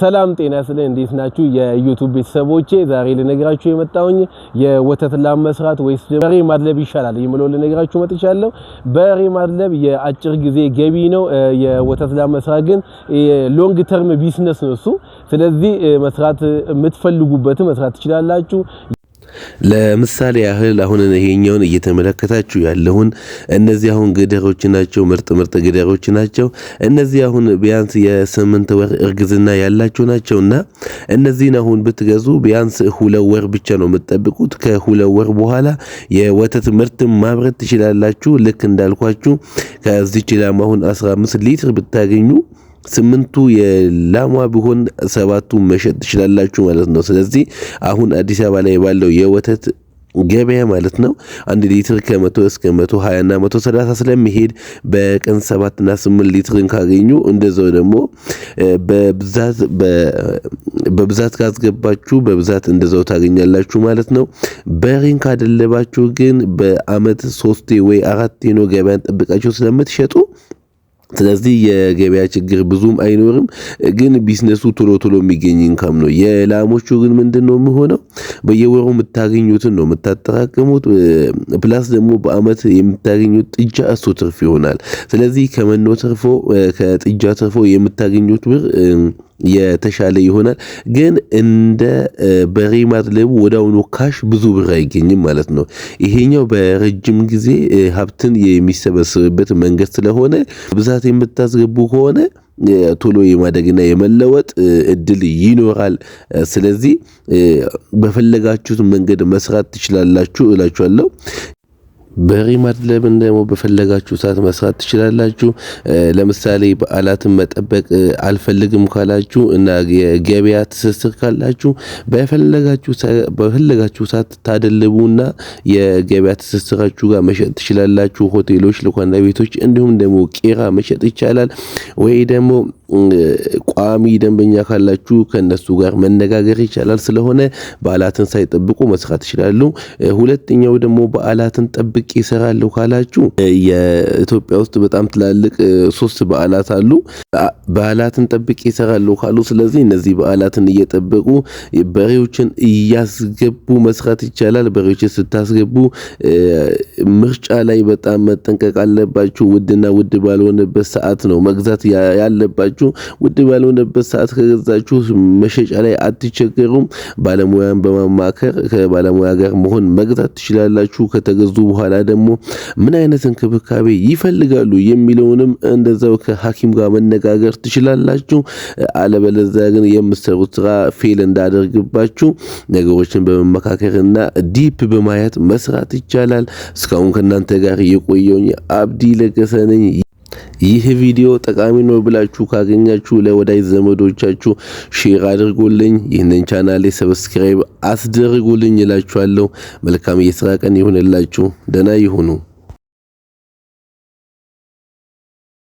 ሰላም ጤና ስለ እንዴት ናችሁ? የዩቱብ ቤተሰቦቼ ዛሬ ልነግራችሁ የመጣውኝ የወተት ላም መስራት ወይስ በሬ ማድለብ ይሻላል የምለው ልነግራችሁ መጥቻለሁ። በሬ ማድለብ የአጭር ጊዜ ገቢ ነው። የወተት ላም መስራት ግን ሎንግ ተርም ቢዝነስ ነው እሱ። ስለዚህ መስራት የምትፈልጉበት መስራት ትችላላችሁ። ለምሳሌ ያህል አሁን ይሄኛውን እየተመለከታችሁ ያለሁን እነዚህ አሁን ገደሮች ናቸው። ምርጥ ምርጥ ገደሮች ናቸው። እነዚህ አሁን ቢያንስ የስምንት ወር እርግዝና ያላቸው ናቸው እና እነዚህን አሁን ብትገዙ ቢያንስ ሁለት ወር ብቻ ነው የምትጠብቁት። ከሁለት ወር በኋላ የወተት ምርት ማምረት ትችላላችሁ። ልክ እንዳልኳችሁ ከዚች ላም አሁን 15 ሊትር ብታገኙ ስምንቱ የላሟ ቢሆን ሰባቱ መሸጥ ትችላላችሁ ማለት ነው። ስለዚህ አሁን አዲስ አበባ ላይ ባለው የወተት ገበያ ማለት ነው አንድ ሊትር ከመቶ እስከ መቶ ሀያና መቶ ሰላሳ ስለሚሄድ በቀን ሰባትና ስምንት ሊትርን ካገኙ እንደዛው ደግሞ በብዛት ካስገባችሁ በብዛት እንደዛው ታገኛላችሁ ማለት ነው። በሬን ካደለባችሁ ግን በአመት ሶስቴ ወይ አራቴ ነው ገበያን ጠብቃችሁ ስለምትሸጡ ስለዚህ የገበያ ችግር ብዙም አይኖርም። ግን ቢዝነሱ ቶሎ ቶሎ የሚገኝ ኢንካም ነው። የላሞቹ ግን ምንድን ነው የሚሆነው? በየወሩ የምታገኙትን ነው የምታጠራቅሙት። ፕላስ ደግሞ በአመት የምታገኙት ጥጃ እሱ ትርፍ ይሆናል። ስለዚህ ከመኖ ትርፎ ከጥጃ ትርፎ የምታገኙት ብር የተሻለ ይሆናል። ግን እንደ በሬ ለቡ ወደ አሁኑ ካሽ ብዙ ብር አይገኝም ማለት ነው። ይሄኛው በረጅም ጊዜ ሀብትን የሚሰበስብበት መንገድ ስለሆነ ብዛት የምታስገቡ ከሆነ ቶሎ የማደግና የመለወጥ እድል ይኖራል። ስለዚህ በፈለጋችሁት መንገድ መስራት ትችላላችሁ እላችኋለሁ። በሬ ማድለብን ደግሞ በፈለጋችሁ ሰዓት መስራት ትችላላችሁ። ለምሳሌ በዓላትን መጠበቅ አልፈልግም ካላችሁ እና የገበያ ትስስር ካላችሁ በፈለጋችሁ ሰዓት ታደልቡና የገበያ ትስስራችሁ ጋር መሸጥ ትችላላችሁ። ሆቴሎች፣ ልኳና ቤቶች እንዲሁም ደግሞ ቄራ መሸጥ ይቻላል። ወይ ደግሞ ቋሚ ደንበኛ ካላችሁ ከእነሱ ጋር መነጋገር ይቻላል። ስለሆነ በዓላትን ሳይጠብቁ መስራት ይችላሉ። ሁለተኛው ደግሞ በዓላትን ጠብቅ ለቅቄ ይሰራለሁ ካላችሁ የኢትዮጵያ ውስጥ በጣም ትላልቅ ሶስት በዓላት አሉ። በዓላትን ጠብቄ ይሰራለሁ ካሉ፣ ስለዚህ እነዚህ በዓላትን እየጠበቁ በሬዎችን እያስገቡ መስራት ይቻላል። በሬዎችን ስታስገቡ ምርጫ ላይ በጣም መጠንቀቅ አለባችሁ። ውድና ውድ ባልሆነበት ሰዓት ነው መግዛት ያለባችሁ። ውድ ባልሆነበት ሰዓት ከገዛችሁ መሸጫ ላይ አትቸገሩም። ባለሙያን በማማከር ከባለሙያ ጋር መሆን መግዛት ትችላላችሁ። ከተገዙ በኋላ በኋላ ደግሞ ምን አይነት እንክብካቤ ይፈልጋሉ የሚለውንም እንደዛው ከሐኪም ጋር መነጋገር ትችላላችሁ። አለበለዚያ ግን የምትሰሩት ስራ ፌል እንዳደርግባችሁ ነገሮችን በመመካከርና ዲፕ በማየት መስራት ይቻላል። እስካሁን ከእናንተ ጋር የቆየውኝ አብዲ ለገሰ ነኝ። ይህ ቪዲዮ ጠቃሚ ነው ብላችሁ ካገኛችሁ ለወዳጅ ዘመዶቻችሁ ሼር አድርጉልኝ። ይህንን ቻናል ሰብስክራይብ አስደርጉልኝ እላችኋለሁ። መልካም የስራ ቀን ይሁንላችሁ። ደህና ይሁኑ።